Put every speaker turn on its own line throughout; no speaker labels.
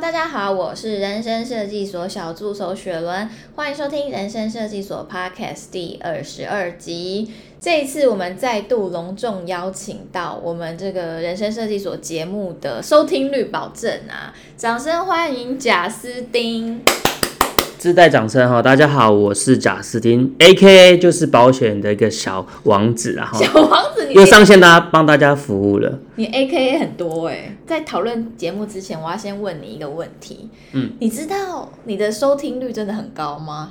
大家好，我是人生設計所小助手雪倫，歡迎收聽人生設計所 Podcast 第二十二集。這一次，我們再度隆重邀請到我們這個人生設計所節目的收聽率保證啊，掌聲歡迎賈斯汀。
自帶掌聲哈！大家好，我是賈斯汀，A K A 就是保險的一個小王子，然後小王
子你又上線大
家幫大家服務了。
你 A K A 很多哎、欸，在討論節目之前，我要先問你一個問題，嗯，你知道你的收聽率真的很高嗎？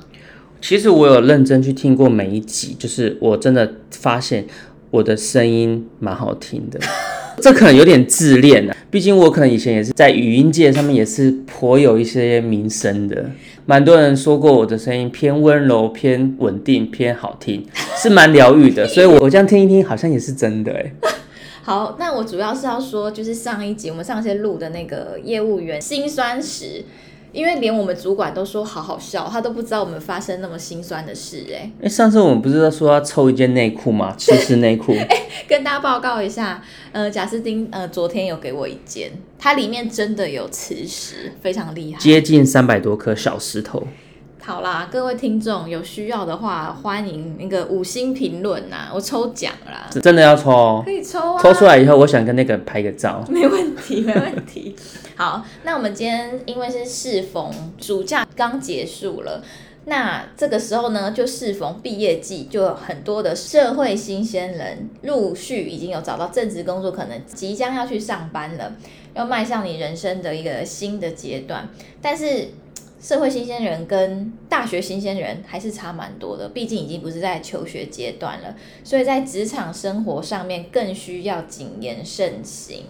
其實我有認真去聽過每一集，就是我真的發現我的聲音蠻好聽的。 這可能有點自戀了、啊，畢竟我可能以前也是在語音界上面也是頗有一些名聲的，蠻多人說過我的聲音偏溫柔、偏穩定、偏好聽是蠻療癒的，所以我我這樣聽一聽好像也是真的、欸、
好，那我主要是要說就是上一集我們上一次錄的那個業務員辛酸史。因為連我們主管都說好好笑，他都不知道我們發生那麼辛酸的事哎。欸
欸，上次我們不是說要抽一件內褲嗎？磁石內褲。
跟大家報告一下，呃，賈斯汀，呃，昨天有給我一件，它裡面真的有磁石，非常厲
害，接近三百多顆小石頭。
好啦，各位聽眾有需要的話，歡迎那個五星評論啊，我抽獎啦！
這真的要抽？可以
抽啊！抽出來
以後，我想跟那個人拍個照。沒問
題，沒問題。 好，那我們今天因為是適逢暑假剛結束了，那這個時候呢，就適逢畢業季，就有很多的社會新鮮人陸續已經有找到正職工作，可能即將要去上班了，要邁向你人生的一個新的階段，但是。社會新鮮人跟大學新鮮人還是差蠻多的，畢竟已經不是在求學階段了，所以在職場生活上面更需要謹言慎行。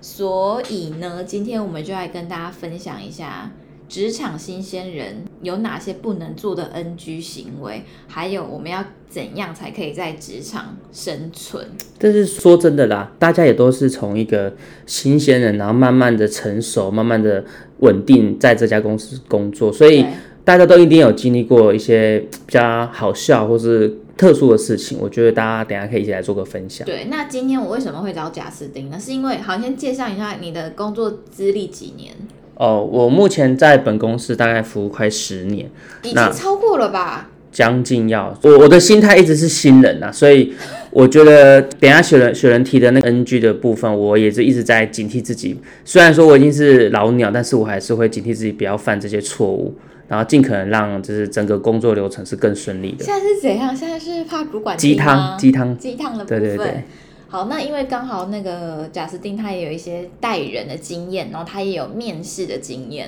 所以呢，今天我們就來跟大家分享一下職場新鮮人有哪些不能做的 NG 行為，還有我們要怎樣才可以在職場生存。
但是說真的啦，大家也都是從一個新鮮人，然後慢慢的成熟，慢慢的。穩定在這家公司工作，所以大家都一定有經歷過一些比較好笑或是特殊的事情。我覺得大家等一下可以一起來做個分享。
對，那今天我為什麼會找賈斯汀呢？是因為好，先介紹一下你的工作資歷幾年？
哦，我目前在本公司大概服務快十年，已經超過了吧？那將近要我，我的心態一直是新人啊，所以。我覺得等下雪人、雪人提的那個 NG 的部分，我也是一直在警惕自己。雖然說我已經是老鳥，但是我還是會警惕自己不要犯這些錯誤，然後盡可能讓就是整個工作流程是更順利的。現
在是怎樣？現在是怕主管，雞湯、雞湯、雞湯的部分。對對對。好，那因為剛好那個賈斯汀他也有一些帶人的經驗，然後他也有面試的經驗，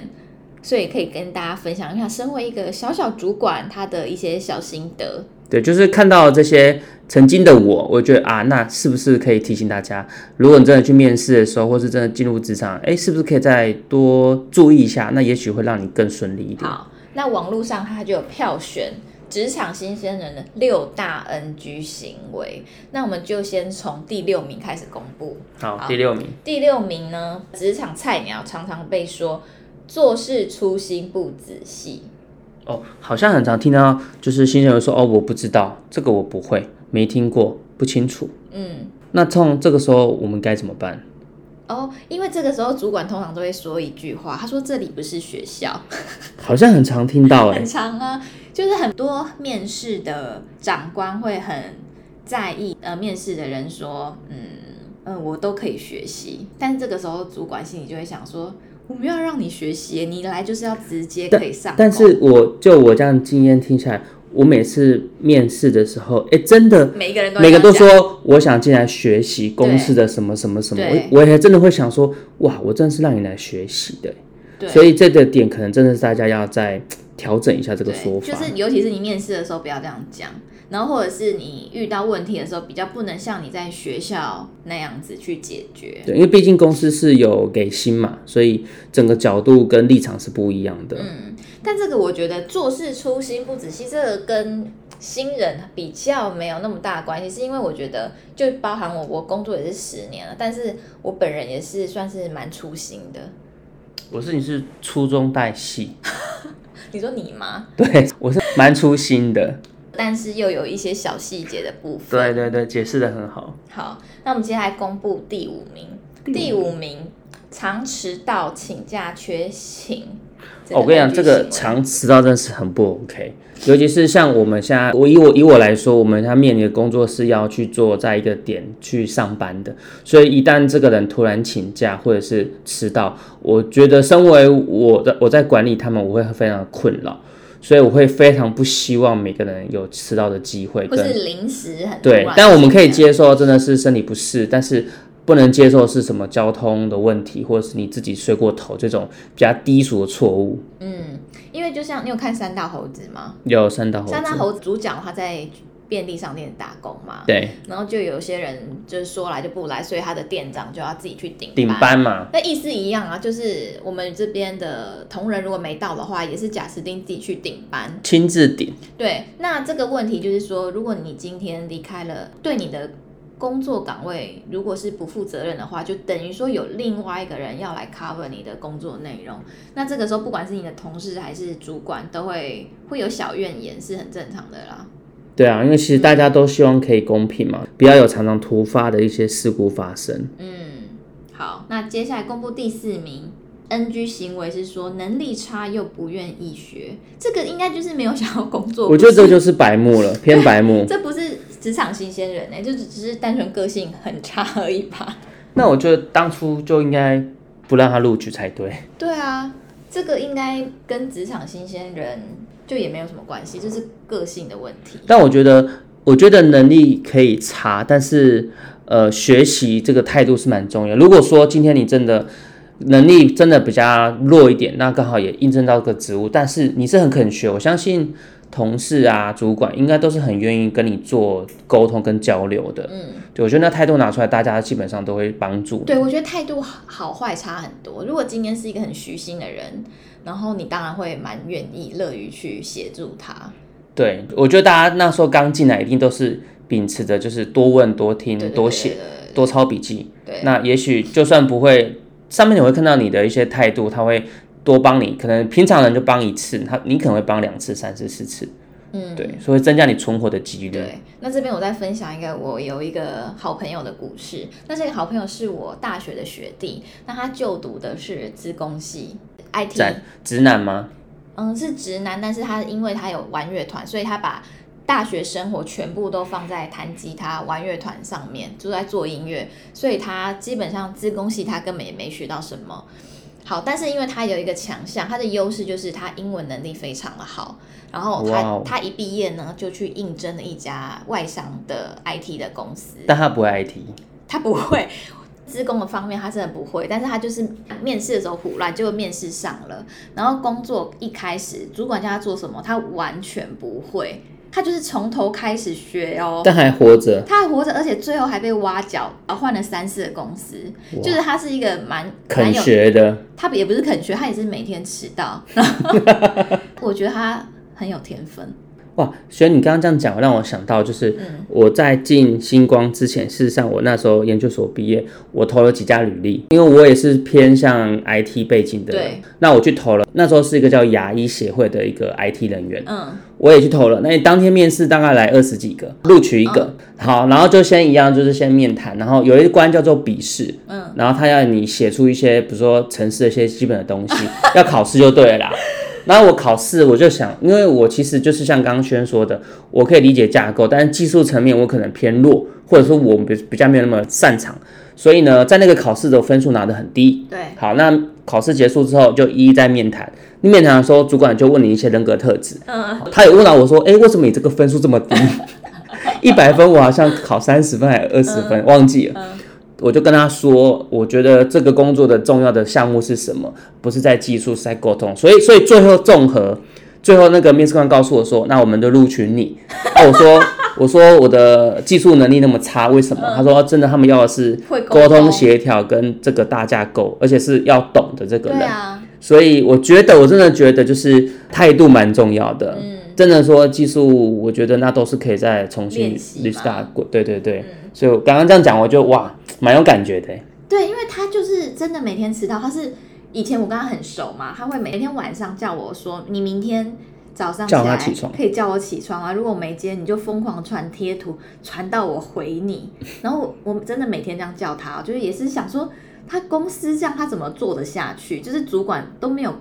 所以可以跟大家分享一下，身為一個小小主管，他的一些小心得。
對，就是看到這些曾經的我，我覺得啊，那是不是可以提醒大家，如果你真的去面試的時候，或是真的進入職場，誒，是不是可以再多注意一下？那也許會讓你更順利一點。好，
那網絡上它就有票選職場新鮮人的六大 NG 行為，那我們就先從第六名開始公布。好，
好，第六名。
第六名呢，職場菜鳥常常被說做事粗心不仔
細。哦，好像很常聽到，就是新人說哦，我不知道這個我不會，沒聽過，不清楚。嗯，那從這個時候我們該怎麼辦？
哦，因為這個時候主管通常都會說一句話，他說，這裡不是學校，
好像很常聽到哎、欸，很
常啊，就是很多面試的長官會很在意，呃，面試的人說，嗯，嗯、呃，我都可以學習，但是這個時候主管心裡就會想說。我沒有讓你學習，你來就是要直接可以上工。
但是我就我這樣經驗聽起來，我每次面試的時候，哎、欸，真的，每一個
人都每個都說
我想進來學習公司的什麼什麼什麼，對我我還真的會想說，哇，我真的是讓你來學習的。
對所以這個
點可能真的是大家要再調整一下這個說法，就是
尤其是你面試的時候不要這樣講。然後，或者是你遇到問題的時候，比較不能像你在學校那樣子去解決。對，
因為畢竟公司是有給薪嘛，所以整個角度跟立場是不一樣的。嗯，
但這個我覺得做事粗心不仔細，其實這個跟新人比較沒有那麼大關係，是因為我覺得就包含我，我工作也是十年了，但是我本人也是算是蠻粗心的。
我是你是粗中帶細，
你說你嗎？
對，我是蠻粗心的。
但是又有一些小細節的部
分，對對對，解釋得很好。
好，那我們接下來公布第五名。嗯、第五名，常遲到、請假、缺勤，這
個。我跟你講，這個常遲到真的是很不 OK，尤其是像我們現在，我以我以我來說，我們現在面臨的工作是要去做在一個點去上班的，所以一旦這個人突然請假或者是遲到，我覺得身為我的我在管理他們，我會非常的困擾。所以我會非常不希望每個人有遲到的機會，不是零食很對，但我們可以接受真的是身體不適，但是不能接受是什麼交通的問題，或者是你自己睡過頭這種比較低俗的錯誤。嗯，因
為就像你有看《三大猴子》嗎？
有《三大猴子》，三大猴
子主講的話在。便利商店打工嘛，對，然後就有些人就是說來就不來，所以他的店長就要自己去頂
頂班嘛，班
那意思一樣啊，就是我們這邊的同仁如果沒到的話，也是賈斯丁自己去頂班，
親自頂。
對，那這個問題就是說，如果你今天離開了，對你的工作崗位如果是不負責任的話，就等於說有另外一個人要來 cover 你的工作內容。那這個時候，不管是你的同事還是主管，都會會有小怨言，是很正常的啦。
對啊，因為其實大家都希望可以公平嘛，不要、嗯、有常常突發的一些事故發生。
嗯，好，那接下來公布第四名，NG 行為是說能力差又不願意學，這個應該就是沒有想要工作。我覺得這就是
白目了，是 偏白目， 這
不是職場新鮮人呢？欸，就只是單純個性很差而已吧。
那我覺得當初就應該不讓他錄取才對。
對啊，這個應該跟職場新鮮人。就也沒有什麼關係，這、就是個性的問題。
但我覺得，我覺得能力可以差，但是呃，學習這個態度是蠻重要的。如果說今天你真的能力真的比較弱一點，那剛好也應徵到個職務。但是你是很肯學，我相信同事啊、主管應該都是很願意跟你做溝通跟交流的。嗯，對，我覺得那態度拿出來，大家基本上都會幫助。對，
我覺得態度好壞差很多。如果今天是一個很虛心的人。然後你當然會蠻願意，樂於去協助他。
對，我覺得大家那時候剛進來，一定都是秉持着就是多問、多聽、多寫、多抄筆記。對那也許就算不會，上面你會看到你的一些態度，他會多幫你。可能平常人就幫一次，他你可能會幫兩次、三次、四次。嗯，對，所以增加你存活的幾率。對，
那這邊我再分享一個我有一個好朋友的故事。那這個好朋友是我大學的學弟，那他就讀的是資工系。在
IT 直男嗎？
嗯，是直男，但是他因為他有玩樂團，所以他把大學生活全部都放在彈吉他、玩樂團上面，就在做音樂，所以他基本上資工系他根本也沒學到什麼。好，但是因為他有一個強項，他的優勢就是他英文能力非常的好。然後他 Wow. 他一畢業呢，就去應徵了一家外商的 IT 的公司，但他不會 IT，他不會。 資工的方面，他真的不會，但是他就是面試的時候胡亂就面試上了，然後工作一開始，主管叫他做什麼，他完全不會，他就是從頭開始學哦、喔。但還活着，他還活着，而且最後還被挖角，換了三次的公司，哇就是他是一個蠻肯學的，他也不是肯學，他也是每天遲到， 我覺得他很有天分。
哇，所以你剛剛這樣講，讓我想到就是我在進星光之前，事實上我那時候研究所畢業，我投了幾家履歷，因為我也是偏向 IT 背景的人。對。那我去投了，那時候是一個叫牙醫協會的一個 IT 人員。嗯。我也去投了，那你當天面試大概來二十幾個，錄取一個。嗯、好，然後就先一樣，就是先面談，然後有一關叫做筆試。嗯。然後他要你寫出一些，比如說程式的一些基本的東西， 要考試就對了啦。那我考試，我就想，因為我其實就是像剛剛軒說的，我可以理解架構，但是技術層面我可能偏弱，或者說我比比較沒有那麼擅長，所以呢，在那個考試的分數拿得很低。對，好，那考試結束之後就一一在面談，面談的時候主管就問你一些人格特質，他也問到我說，欸，為什麼你這個分數這麼低？一百分我好像考三十分還是二十分，忘記了。我就跟他說，我覺得這個工作的重要的項目是什麼？不是在技術，是在溝通。所以，所以最後綜合，最後那個面試官告訴我說，那我們就錄取你。啊、我說， 我說我的技術能力那麼差，為什麼？嗯、他說，真的，他們要的是溝通協調跟這個大架構，而且是要懂的這個人。啊、所以，我覺得我真的覺得就是態度蠻重要的。嗯、真的說技術，我覺得那都是可以再重新對對對，嗯、所以我剛剛這樣講，我就哇。蠻有感覺的、欸，
對，因為他就是真的每天遲到。他是以前我跟他很熟嘛，他會每天晚上叫我說：“你明天早上起來叫他起床，可以叫我起床啊，如果沒接，你就瘋狂傳貼圖，傳到我回你。然後我，我真的每天這樣叫他，就是也是想說他公司這樣，他怎麼做得下去？就是主管都沒有。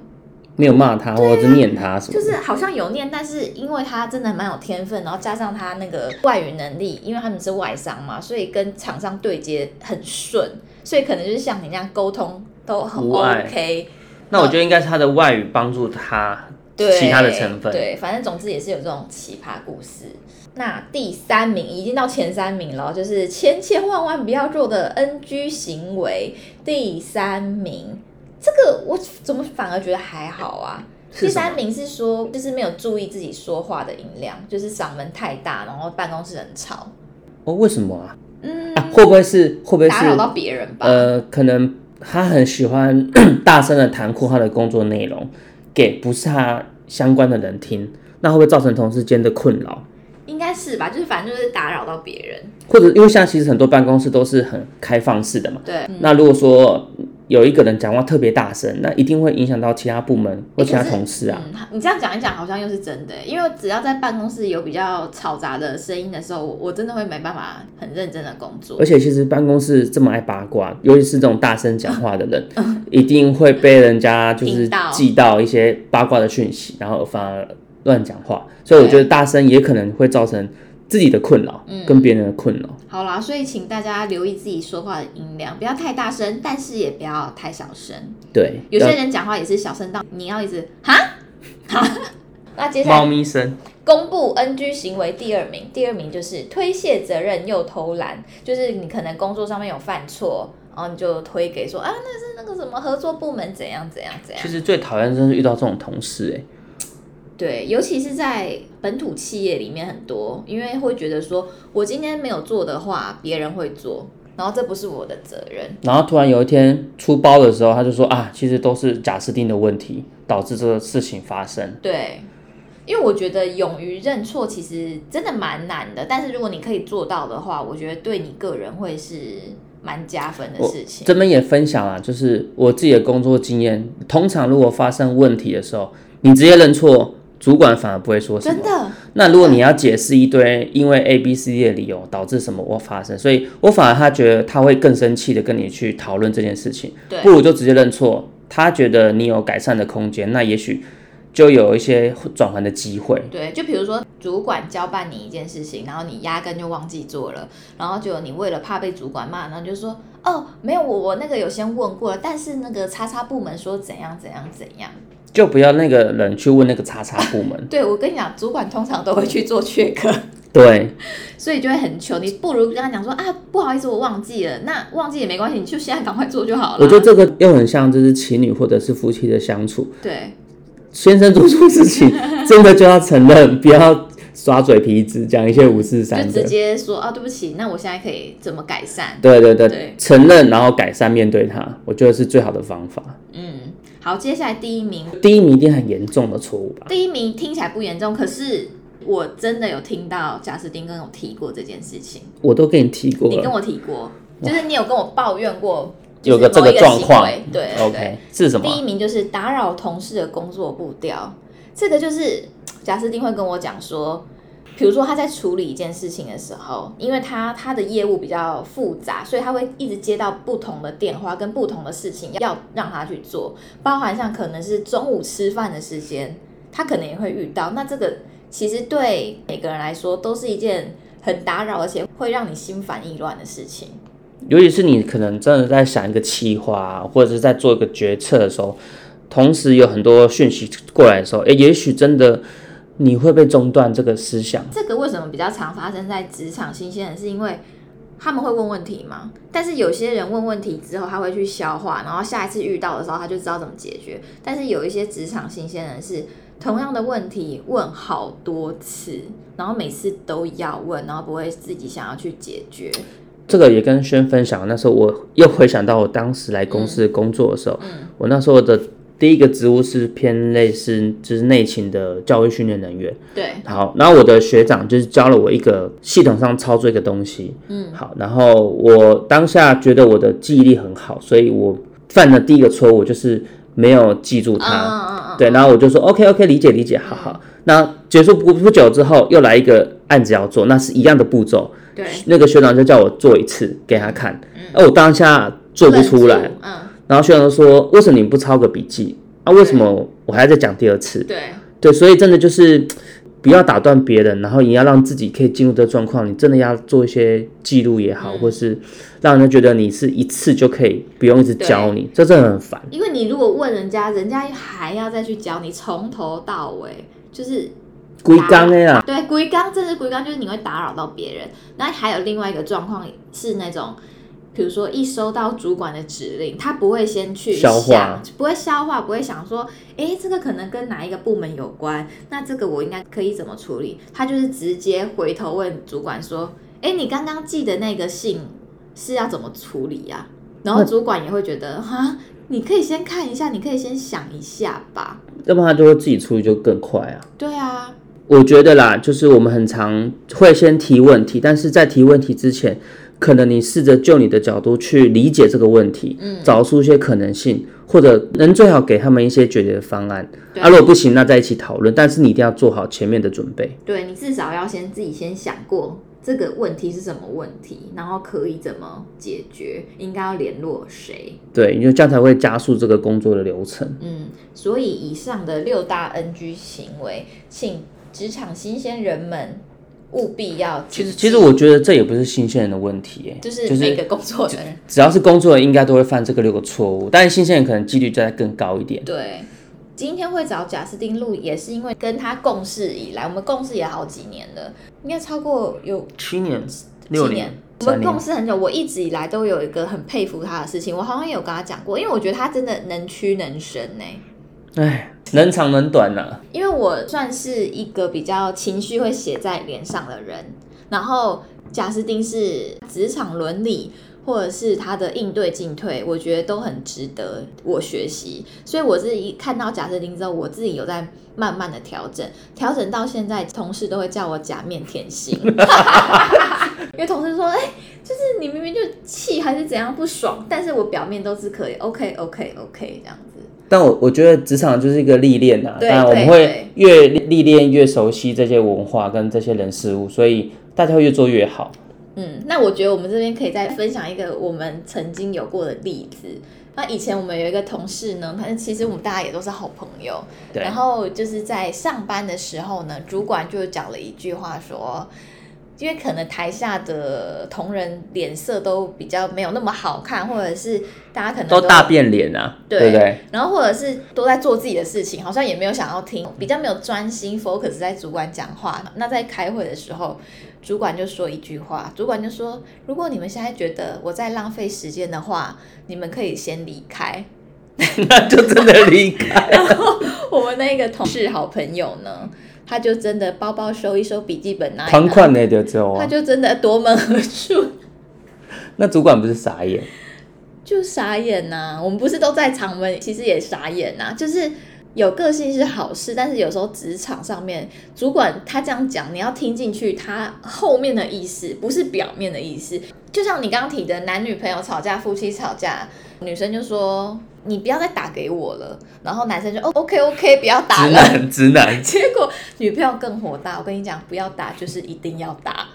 沒有罵他或者是念他什麼？對啊，就是好
像有念，但是因為他真的蠻有天分，然後加上他那個外語能力，因為他們是外商嘛，所以跟廠商對接很順，所以可能就是像你這樣溝通都很 OK。那我覺
得應該是他的外語幫助他其他的成分。對,對，
反正總之也是有這種奇葩故事。那第三名已經到前三名了，就是千千萬萬不要做的 NG 行為。第三名。這個我怎麼反而覺得還好啊？第三名是說，就是沒有注意自己說話的音量，就是嗓門太大，然後辦公室很吵。
哦，為什麼啊？嗯啊，會不會是會不會打擾到別人吧？呃，可能他很喜歡 大聲的談闊他的工作內容，給不是他相關的人聽，那會不會造成同事間的困擾？
應該是吧，就是反正就是打擾到別
人，或者因為現在其實很多辦公室都是很開放式的嘛。對，嗯、那如果說。有一個人講話特別大聲，那一定會影響到其他部門或其他同事啊。欸，就
是嗯、你這樣講一講，好像又是真的，欸，因為只要在辦公室有比較嘈雜的聲音的時候我，我真的會沒辦法很認真的工作。而且，其
實辦公室這麼愛八卦，尤其是這種大聲講話的人，嗯嗯、一定會被人家就是記到，到一些八卦的訊息，然後反而亂講話。所以，我覺得大聲也可能會造成自己的困擾，嗯，跟別人的困擾、嗯。
好啦，所以請大家留意自己說話的音量，不要太大聲，但是也不要太小聲。
對，有、有些人
講話也是小聲到你要一直哈。 那接下來，貓咪聲公布 NG 行為第二名，第二名就是推卸責任又偷懶，就是你可能工作上面有犯錯，然後你就推給說啊，那是那個什麼合作部門怎樣怎樣怎樣。
其實最討厭就是遇到這種同事、欸，
對，尤其是在本土企業裡面很多，因為會覺得說我今天沒有做的話，別人會做，然後這不是我的責任。
然後突然有一天出包的時候，他就說啊，其實都是賈斯汀的問題導致這個事情發生。
對，因為我覺得勇於認錯其實真的蠻難的，但是如果你可以做到的話，我覺得對你個人會是蠻加分的事情。我這
邊也分享了，啊，就是我自己的工作經驗，通常如果發生問題的時候，你直接認錯。主管反而不會說什麼。真的？那如果你要解釋一堆因為 A、B、C、D 的理由導致什麼我發生，對所以我反而他覺得他會更生氣的跟你去討論這件事情。對，不如就直接認錯。他覺得你有改善的空間，那也許就有一些轉換的機會。
對，就比如說主管交辦你一件事情，然後你壓根就忘記做了，然後就你為了怕被主管罵，然後就說哦，沒有我我那個有先問過了，但是那個叉叉部門說怎樣怎樣怎樣。
就不要那個人去問那個叉叉部門。啊、
對，我跟你講，主管通常都會去做缺課。對，所以就會很糗。你不如跟他講說啊，不好意思，我忘記了。那忘記也沒關係，你就現在趕快做就好了。我覺
得這個又很像就是情侶或者是夫妻的相處。對，先生做錯事情，真的就要承認， 不要耍嘴皮子，講一些五四三。你直
接說啊，對不起，那我現在可以怎麼改善？對對對，對承
認然後改善面對他，我覺得是最好的方法。嗯。
好，接下來第一名，第一
名一定很嚴重的錯誤吧？
第一名聽起來不嚴重，可是我真的有聽到賈斯汀跟我提過這件事
情，我都跟你提過，你跟我提
過，哇就是你有跟我抱怨過某一
個有個這個狀況，對，OK，對，是什麼？第一
名就是打擾同事的工作步調，這個就是賈斯汀會跟我講說。比如說他在處理一件事情的時候，因為他他的業務比較複雜，所以他會一直接到不同的電話，跟不同的事情要讓他去做。包含像可能是中午吃飯的時間，他可能也會遇到。那這個其實對每個人來說都是一件很打擾，而且會讓你心煩意亂的事情。
尤其是你可能真的在想一個企劃，或者是在做一個決策的時候，同時有很多訊息過來的時候，欸，也許真的。你會被中斷這個思想。這
個為什麼比較常發生在職場新鮮人？是因為他們會問問題嗎？但是有些人問問題之後，他會去消化，然後下一次遇到的時候，他就知道怎麼解決。但是有一些職場新鮮人是同樣的問題問好多次，然後每次都要問，然後不會自己想要去解決。
這個也跟軒分享。那時候我又回想到我當時來公司工作的時候，嗯，嗯，我那時候的。第一個職務是偏類似就是內勤的教育訓練人員。對。好，然後我的學長就是教了我一個系統上操作一個東西。嗯。好，然後我當下覺得我的記憶力很好，所以我犯了第一個錯誤、嗯、就是沒有記住他。嗯啊啊啊、對，然後我就說、嗯、OK OK，理解理解，好好。那、嗯、結束不不久之後，又來一個案子要做，那是一樣的步驟。對。那個學長就叫我做一次給他看，嗯、而我當下做不出來。嗯。嗯然後學長說：“為什麼你不抄個筆記？啊，為什麼我還要再講第二次？”對對，所以真的就是不要打斷別人，嗯、然後也要讓自己可以進入這個狀況。你真的要做一些記錄也好，嗯、或是讓人家覺得你是一次就可以，不用一直教你，對這真的很煩。因
為你如果問人家，人家還要再去教你，從頭到尾就是
規剛的呀。對，
規剛，真是規剛，就是你會打擾到別人。那還有另外一個狀況是那種。比如說，一收到主管的指令，他不會先去想，消化。不會消化，不會想說，欸，這個可能跟哪一個部門有關？那這個我應該可以怎麼處理？他就是直接回頭問主管說，欸，你剛剛寄的那個信是要怎麼處理呀？然後主管也會覺得，哈，你可以先看一下，你可以先想一下吧。
要不然他就會自己處理就更快啊。對啊，我覺得啦，就是我們很常會先提問題，但是在提問題之前。可能你試着就你的角度去理解這個問題，嗯，找出一些可能性，或者能最好給他們一些解決的方案。
對啊，如果不行，
那再一起討論。但是你一定要做好前面的準備。
對，你至少要先自己先想過這個問題是什麼問題，然後可以怎麼解決，應該要聯絡誰。
對，因為這樣才會加速這個工作的流程。嗯，
所以以上的六大 NG 行為，請職場新鮮人們。務必要。其實其實我覺
得這也不是新鮮人的問題，哎，就是每個工作人、就是，只要是工作人，應該都會犯這個六個錯誤，但是新鮮人可能幾率就再更高一點。對，
今天會找賈斯汀錄，也是因為跟他共事以來，我們共事也好幾年了，應該超過有
七年、嗯、七年六年，年我們共事
很久。我一直以來都有一個很佩服他的事情，我好像有跟他講過，因為我覺得他真的能屈能伸呢。哎。
能長能短呢，
因為我算是一個比較情緒會寫在臉上的人。然後賈斯汀是職場倫理，或者是他的應對進退，我覺得都很值得我學習。所以我是一看到賈斯汀之後，我自己有在慢慢的調整，調整到現在，同事都會叫我假面甜心。 因為同事說：“哎，就是你明明就氣還是怎樣不爽，但是我表面都是可以，OK OK OK 這樣子。”
但我我覺得職場就是一個歷練吶、啊，那對我們會越歷練越熟悉這些文化跟這些人事物，所以大家會越做越好。
嗯，那我覺得我們這邊可以再分享一個我們曾經有過的例子。那以前我們有一個同事呢，他其實我們大家也都是好朋友，對然後就是在上班的時候呢，主管就講了一句話說。因為可能台下的同仁臉色都比較沒有那麼好看，或者是大家可能都，都大變
臉啊，對，對不對？
然後或者是都在做自己的事情，好像也沒有想要聽，比較沒有專心 focus 在主管講話。那在開會的時候，主管就說一句話，主管就說：“如果你們現在覺得我在浪費時間的話，你們可以先離開。” 那就真的離開。 然後我們那個同事好朋友呢？他就真的包包收一收，筆記本拿一拿，啊、他就真的奪門而出。
那主管不是傻眼？
就傻眼吶、啊，我們不是都在場嗎？其實也傻眼吶、啊，就是。有個性是好事，但是有時候職場上面主管他這樣講，你要聽進去他後面的意思，不是表面的意思。就像你剛剛提的男女朋友吵架、夫妻吵架，女生就說你不要再打給我了，然後男生就哦 OK OK 不要打了，
直男，直男。結
果女票更火大，我跟你講，不要打就是一定要打。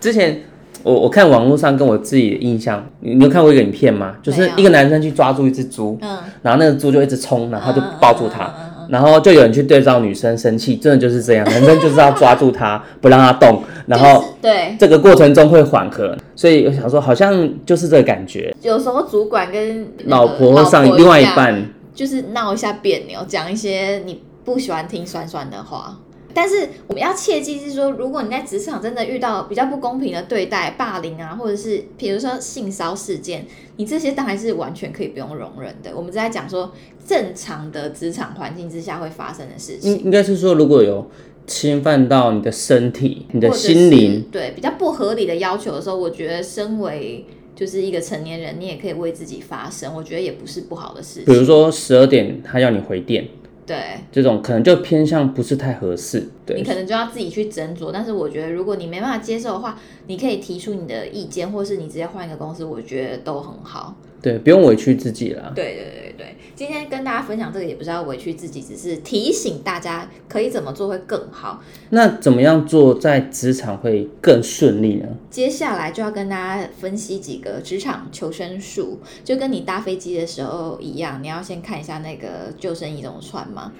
之前。我我看網絡上跟我自己的印象，你有，有看過一個影片嗎？嗯、就是一個男生去抓住一隻豬，嗯、然後那個豬就一直衝，然後就抱住他，嗯嗯嗯、然後就有人去對照女生生氣，嗯嗯、真的就是這樣，男生就是要抓住他 不讓他動，然後、就是、對這個過程中會緩和，我所以我想說好像就是這個感覺。
有時候主管跟老婆或上另外一半，外一半就是鬧一下彆扭，講一些你不喜歡聽酸酸的話。但是我們要切記是說，如果你在職場真的遇到比較不公平的對待、霸凌啊，或者是比如說性騷事件，你這些當然是完全可以不用容忍的。我們在講說正常的職場環境之下會發生的事情，應應
該是說如果有侵犯到你的身體、你的心靈，
對比較不合理的要求的時候，我覺得身為就是一個成年人，你也可以為自己發聲。我覺得也不是不好的事情。比如
說十二點他要你回電。對，這種可能就偏向不是太合適，對你可能
就要自己去斟酌。但是我覺得，如果你沒辦法接受的話，你可以提出你的意見，或是你直接換一個公司，我覺得都很好。
對，不用委屈自己了。對對
對對。今天跟大家分享這個也不是要委屈自己，只是提醒大家可以怎麼做會更好。
那怎麼樣做在職場會更順利呢？
接下來就要跟大家分析幾個職場求生術，就跟你搭飛機的時候一樣，你要先看一下那個救生衣怎麼穿嗎？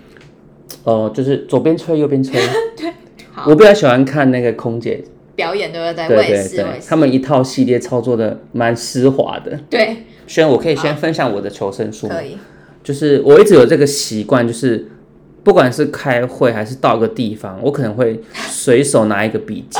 哦、呃，就是左邊吹右邊吹。
對，好我比
較喜歡看那個空姐
表演，對不對？對對對，
他們一套系列，操作的蠻絲滑的。對，所以我可以先分享我的求生術。嗯，可以。就是我一直有這個習慣，就是不管是開會還是到個地方，我可能會隨手拿一個筆記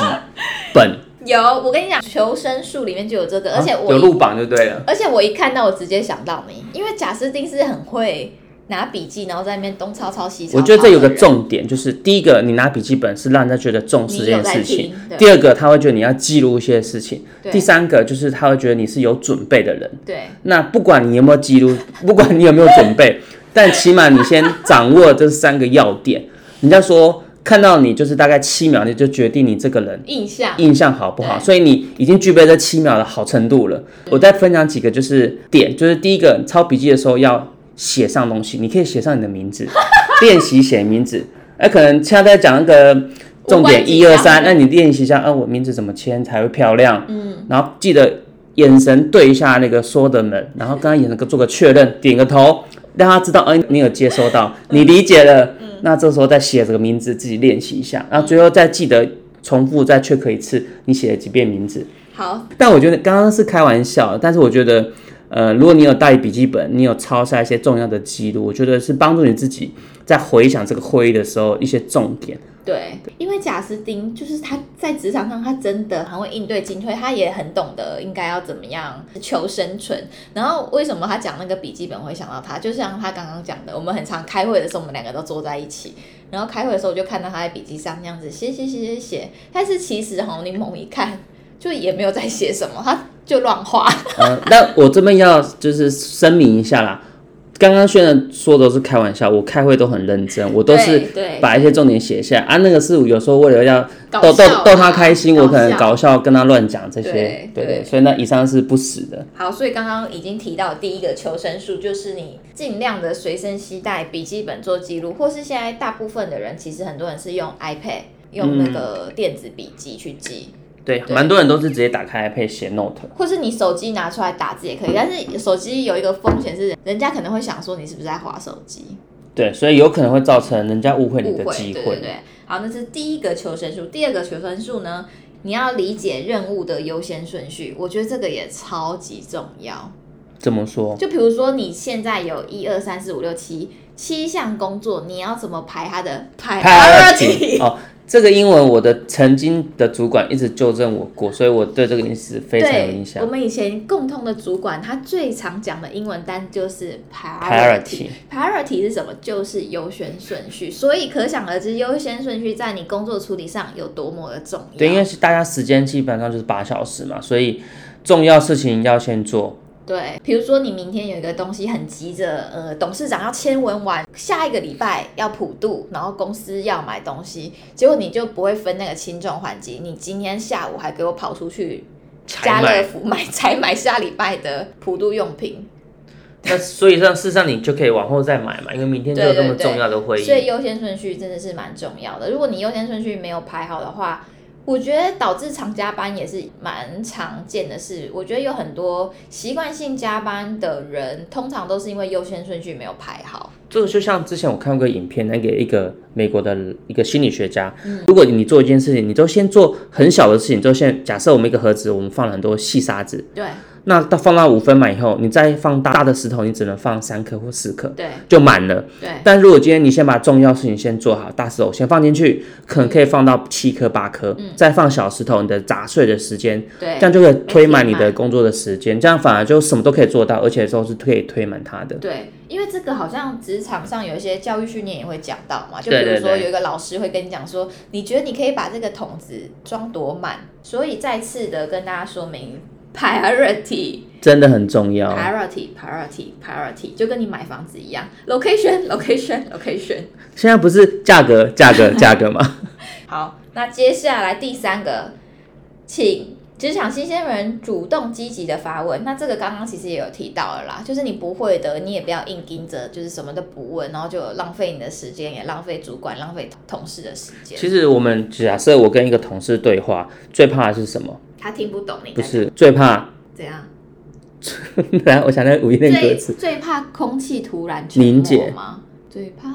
本。
有，我跟你講，《求生術》裡面就有這個，而且我、啊、有錄
榜就對了。
而且我一看到，我直接想到你，因為賈斯丁是很會。拿筆記，然後在那邊東抄抄西抄抄。我覺得這有個重
點，就是第一個，你拿筆記本是讓人家覺得重視這件事情；第二個，他會覺得你要記錄一些事情；對第三個，就是他會覺得你是有準備的人。對。那不管你有沒有記錄，不管你有沒有準備， 但起碼你先掌握這三個要點。人家 說看到你就是大概七秒，你就決定你這個人印
象印
象好不好。對所以你已經具備這七秒的好程度了。對我再分享幾個就是點，就是第一個，抄筆記的時候要。寫上東西，你可以寫上你的名字，練習寫名字。那可能現在在講那個重點一二三，3，啊、那你練習一下，啊、呃，我名字怎麼簽才會漂亮？嗯，然後記得眼神對一下那個說的人，然後跟他眼神做個確認，嗯、點個頭，讓他知道，嗯、呃，你有接收到，嗯、你理解了。嗯、那這時候再寫這個名字，自己練習一下，然後最後再記得重複再確認一次，你寫了幾遍名字。好。但我覺得剛剛是開玩笑，但是我覺得。呃，如果你有帶筆記本，你有抄下一些重要的記錄，我覺得是幫助你自己在回想這個會議的時候一些重點。
對，因為賈斯汀就是他在職場上，他真的很會應對進退，他也很懂得應該要怎麼樣求生存。然後為什麼他講那個筆記本會想到他？就像他剛剛講的，我們很常開會的時候，我們兩個都坐在一起，然後開會的時候我就看到他在筆記上那樣子寫寫寫寫寫，但是其實哈，你猛一看。就也沒有在寫什麼，他就亂畫。呃
那、嗯、 我這邊要就是聲明一下啦，剛剛雖然說的都是開玩笑，我開會都很認真，我都是對把一些重點寫下。啊，那個是有時候為了要逗逗逗他開心， 我可能搞笑跟他亂講這些，對對，對，對對。所以那以上是不實的。
好，所以剛剛已經提到第一個求生術就是你盡量的隨身攜帶筆記本做記錄，或是現在大部分的人其實很多人是用 iPad 用那個電子筆記去記。嗯
對，蠻對多人都是直接打開 iPad 寫 Note，
或是你手機拿出來打字也可以。但是手機有一個風險是，人家可能會想說你是不是在滑手機。
對，所以有可能會造成人家誤會你的機會,誤會。對
對,對好，那是第一個求生術。第二個求生術呢，你要理解任務的優先順序，我覺得這個也超級重要。
怎麼說？就
比如說你現在有一二三四五六七七項工作，你要怎麼排它的排 priority
這個英文，我的曾經的主管一直糾正我過，所以我對這個名詞非常有印象。我們以
前共同的主管，他最常講的英文單就是 priority。priority 是什麼？就是優先順序。所以可想而知，優先順序在你工作處理上有多麼的重
要。對，因為大家時間基本上就是八小時嘛，所以重要事情要先做。嗯
對，比如說你明天有一個東西很急着，呃，董事長要簽文完，下一個禮拜要普度，然後公司要買東西，結果你就不會分那個輕重緩急，你今天下午還給我跑出去家樂福買才買，才買下禮拜的普度用品。
那所以上事實上你就可以往後再買嘛，因為明天就有這麼重要的會議。對對對，所以
優先順序真的是蠻重要的，如果你優先順序沒有排好的話。我覺得導致常加班也是蠻常見的事。我覺得有很多習慣性加班的人，通常都是因為優先順序沒有排好。
這個就像之前我看過一個影片，那個一個美國的一個心理學家，嗯，如果你做一件事情，你就先做很小的事情，就先假設我們一個盒子，我們放了很多細沙子。對。那到放到五分滿以後，你再放大大的石頭，你只能放三顆或四顆，對，就滿了。對。但如果今天你先把重要事情先做好，大石頭先放進去，可能可以放到七顆八顆，嗯、再放小石頭，你的雜碎的時間，對、嗯，這樣就會推滿你的工作的時間，對這樣反而就什麼都可以做到，對而且都是可以推滿它的。
對，因為這個好像職場上有一些教育訓練也會講到嘛，就比如說有一個老師會跟你講說，對對對，你覺得你可以把這個桶子裝多滿？所以再次的跟大家說明。Priority
真的很重要。
Priority，Priority，Priority，就跟你買房子一樣。Location，Location，Location。
現在不是價格、價格、價格嗎？
好，那接下來第三個，請職場新鮮人主動積極的發問。那這個剛剛其實也有提到了啦，就是你不會的，你也不要硬盯着，就是什麼都不問，然後就浪費你的時間，也浪費主管、浪費同事的時間。其實
我們假設我跟一個同事對話，最怕的是什麼？他聽不懂你。不是最怕怎樣？突然 我想那五月天歌詞，最怕空氣
突然凝結嗎？最怕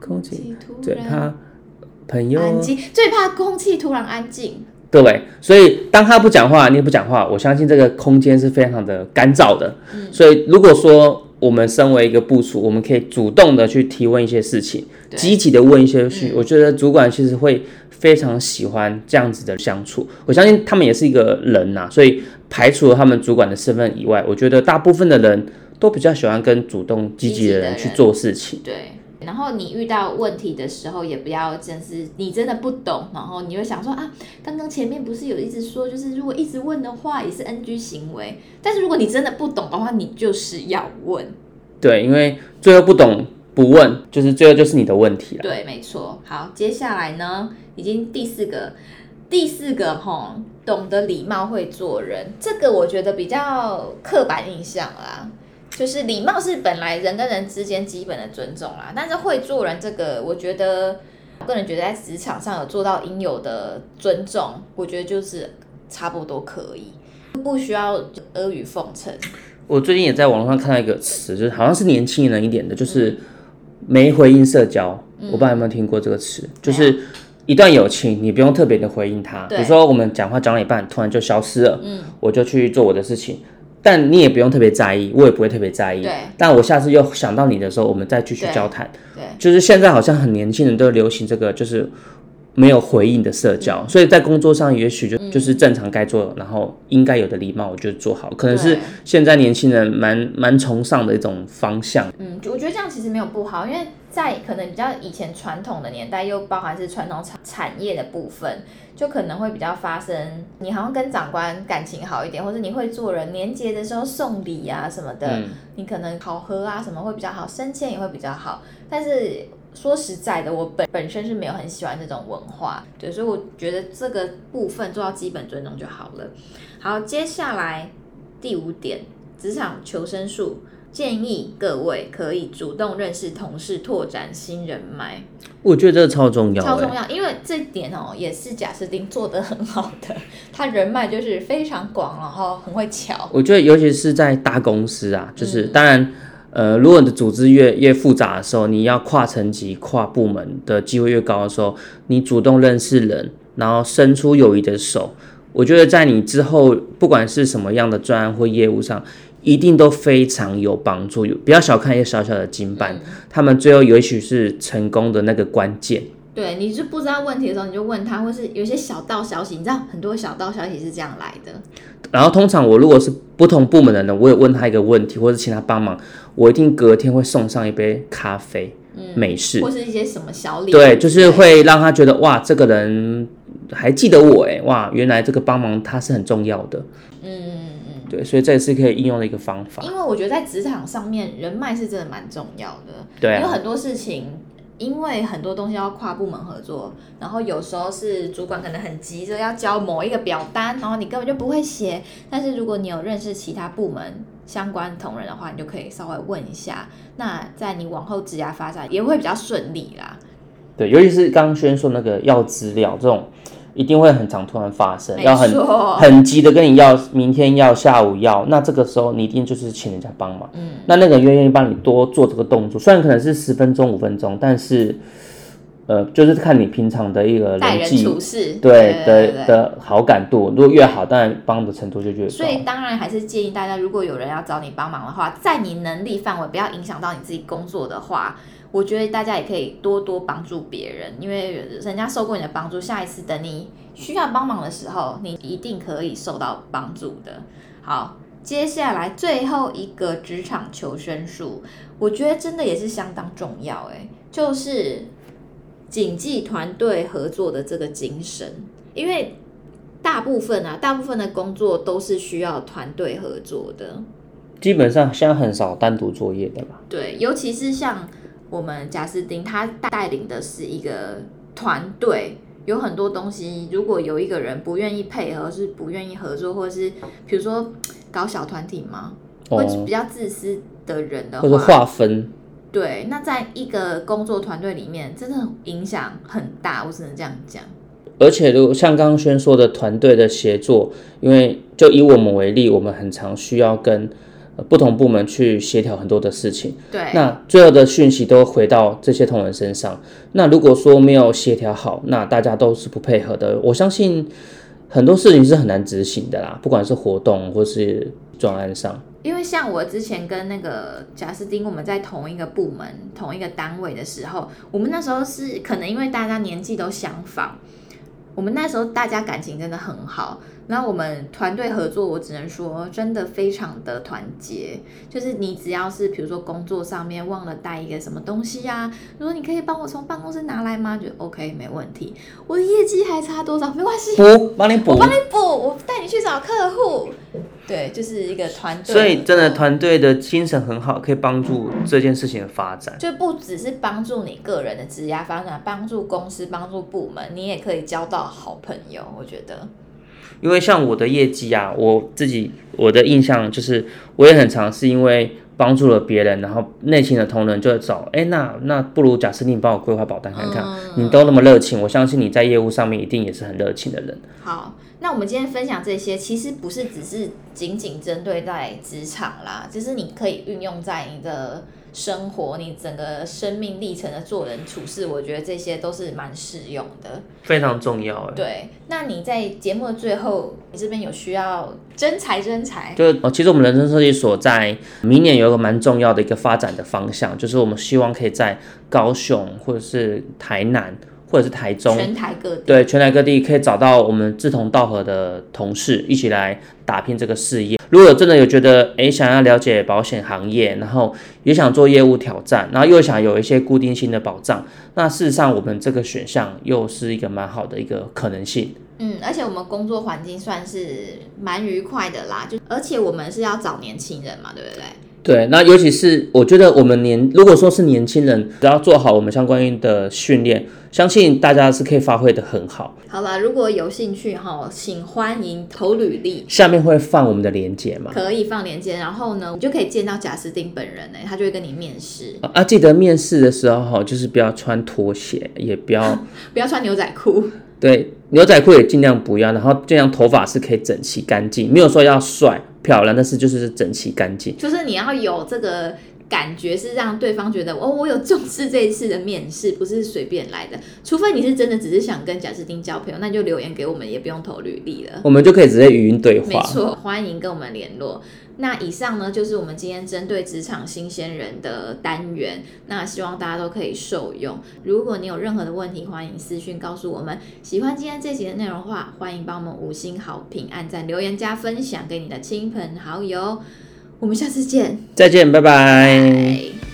空氣突然，安靜，
最怕空氣突然安靜。
對不對？所以當他不講話，你也不講話，我相信這個空間是非常的乾燥的。嗯，所以如果說。嗯我們身為一個部屬，我們可以主動的去提問一些事情，對積極的問一些事。嗯、我覺得主管其實會非常喜歡這樣子的相處。我相信他們也是一個人吶、啊，所以排除了他們主管的身份以外，我覺得大部分的人都比較喜歡跟主動積極的人去做事情。
對。然後你遇到問題的時候，也不要真是你真的不懂，然後你會想說啊，剛剛前面不是有一直說，就是如果一直問的話也是 NG 行為。但是如果你真的不懂的話，你就是要問。
對，因為最後不懂不問，就是最後就是你的問題了。
對，沒錯。好，接下來呢，已經第四個，第四個吼，懂得禮貌會做人，這個我覺得比較刻板印象啦。就是禮貌是本來人跟人之間基本的尊重啦，但是會做人這個，我覺得個人覺得在職場上有做到應有的尊重，我覺得就是差不多可以，不需要阿諛奉承。
我最近也在網絡上看到一個詞，就是好像是年輕人一點的，就是沒回應社交。我不知道有沒有聽過這個詞？嗯、就是一段友情，你不用特別的回應他。對。比如說我們講話講了一半，突然就消失了，嗯，我就去做我的事情。但你也不用特別在意，我也不會特別在意。對，但我下次又想到你的時候，我們再繼續交談。對，就是現在好像很年輕人都流行這個，就是沒有回應的社交。嗯、所以在工作上，也許就就是正常該做，嗯、然後應該有的禮貌我就做好。可能是現在年輕人蠻蠻崇尚的一種方向。嗯，
我覺得這樣其實沒有不好，因為。在可能比較以前傳統的年代，又包含是傳統產產業的部分，就可能會比較發生。你好像跟長官感情好一點，或者你會做人，年節的時候送禮啊什麼的，嗯，你可能考核啊什麼會比較好，升遷也會比較好。但是說實在的，我本本身是沒有很喜歡這種文化，對，所以我覺得這個部分做到基本尊重就好了。好，接下來第五點，職場求生術。建議各位可以主動認識同事，拓展新人脈。
我覺得這個超重要、欸，超重
要，因為這點哦、喔，也是賈斯汀做得很好的。他人脈就是非常廣，然後很會喬。我
覺得尤其是在大公司啊，就是、嗯、當然，呃，如果你的組織越越複雜的時候，你要跨層級、跨部門的機會越高的時候，你主動認識人，然後伸出友誼的手，我覺得在你之後，不管是什麼樣的專案或業務上。一定都非常有幫助，有不要小看一些小小的經辦，嗯、他們最後也許是成功的那個關鍵。
對，你是不知道問題的時候，你就問他，或是有些小道消息，你知道很多小道消息是這樣來的。
然後通常我如果是不同部門的人，我也問他一個問題，或是請他幫忙，我一定隔天會送上一杯咖啡，嗯、美式或
是一些什麼小禮物，對，就是會
讓他覺得對哇，這個人還記得我哎、欸，哇，原來這個幫忙他是很重要的，嗯。對，所以這也是可以應用的一個方法。因
為我覺得在職場上面，人脈是真的蠻重要的。對、啊，有很多事情，因為很多東西要跨部門合作，然後有時候是主管可能很急着要交某一個表單，然後你根本就不會寫。但是如果你有認識其他部門相關同仁的話，你就可以稍微問一下。那在你往後職涯發展也會比較順利啦。
對，尤其是剛剛說那個要資料這種。一定會很常突然發生，沒錯。要很很急的跟你要，明天要下午要，那這個時候你一定就是請人家幫忙，嗯、那那個人願意幫你多做這個動作，雖然可能是十分鐘五分鐘，但是，呃，就是看你平常的一個待人處事對的的好感度，如果越好，當然幫的程度就越高。得。所以
當然還是建議大家，如果有人要找你幫忙的話，在你能力範圍，不要影響到你自己工作的話。我覺得大家也可以多多幫助別人，因為人家受過你的幫助，下一次等你需要幫忙的時候，你一定可以受到幫助的。好，接下來最後一個職場求生術，我覺得真的也是相當重要，欸，誒，就是謹記團隊合作的這個精神，因為大部分啊，大部分的工作都是需要團隊合作的，
基本上像很少單獨作業的吧？
對，尤其是像。我們賈斯汀他帶領的是一個團隊，有很多東西。如果有一個人不願意配合，是不願意合作，或是比如說搞小團體嘛，會比較自私的人的話，哦、或者劃分。對，那在一個工作團隊裡面，真的影響很大，我只能這樣講。
而且，如像剛剛軒說的，團隊的協作，因為就以我們為例，我們很常需要跟。不同部門去協調很多的事情，對，那最後的訊息都回到這些同仁身上。那如果說沒有協調好，那大家都是不配合的，我相信很多事情是很難執行的啦，不管是活動或是專案上。
因為像我之前跟那個賈斯汀，我們在同一個部門、同一個單位的時候，我們那時候是可能因為大家年紀都相仿。我們那時候大家感情真的很好，那我們團隊合作，我只能說真的非常的團結。就是你只要是比如說工作上面忘了帶一個什麼東西啊，如果你可以幫我從辦公室拿來嗎？覺得 OK 沒問題。我的業績還差多少？沒關係，
幫你補，我幫你
補，我帶你去找客戶。對，就是一個團隊個，所以
真的團隊的精神很好，可以幫助這件事情的發展。嗯、就
不只是幫助你個人的職業發展，幫助公司，幫助部門，你也可以交到好朋友。我覺得，
因為像我的業績啊，我自己我的印象就是，我也很常是，因為幫助了別人，然後內勤的同仁就會找，哎，那那不如賈斯汀幫我規劃保單看看。嗯、你都那麼熱情，嗯、我相信你在業務上面一定也是很熱情的人。
好。那我們今天分享這些，其實不是只是僅僅針對在職場啦，就是你可以運用在你的生活、你整個生命歷程的做人處事，我覺得這些都是蠻適用的，
非常重要、欸。對，
那你在節目的最後，你這邊有需要徵才徵才？
就哦、是，其實我們人生設計所在明年有一個蠻重要的一個發展的方向，就是我們希望可以在高雄或者是台南。或者是台中，全台各地，對，全台各地可以找到我們志同道合的同事，一起來打拼這個事業。如果真的有覺得，哎，想要了解保險行業，然後也想做業務挑戰，然後又想有一些固定性的保障，那事實上我們這個選項又是一個蠻好的一個可能性。
嗯，而且我們工作環境算是蠻愉快的啦，就而且我們是要找年輕人嘛，對不對？
對，那尤其是我覺得我們年，如果說是年輕人，只要做好我們相關的訓練，相信大家是可以發揮的很好。
好啦，如果有興趣哈，請歡迎投履歷。
下面會放我們的連接嗎？可
以放連接，然後呢，你就可以見到賈斯汀本人誒，他就會跟你面試。
啊，記得面試的時候哈，就是不要穿拖鞋，也不要
不要穿牛仔褲。
對，牛仔褲也儘量不要，然後儘量頭髮是可以整齊乾淨，沒有說要帥漂亮，但是就是整齊乾淨。
就是你要有這個感覺，是讓對方覺得哦，我有重視這一次的面試，不是隨便來的。除非你是真的只是想跟賈斯汀交朋友，那你就留言給我們，也不用投履歷了，我們就可以直接
語音對話。沒錯，
歡迎跟我們聯絡。那以上呢，就是我們今天針對職場新鮮人的單元。那希望大家都可以受用。如果你有任何的問題，歡迎私訊告訴我們。喜歡今天這集的內容的話，歡迎幫我們五星好評、按讚、留言、加分享給你的親朋好友。我們下次見，
再見，拜拜。拜拜。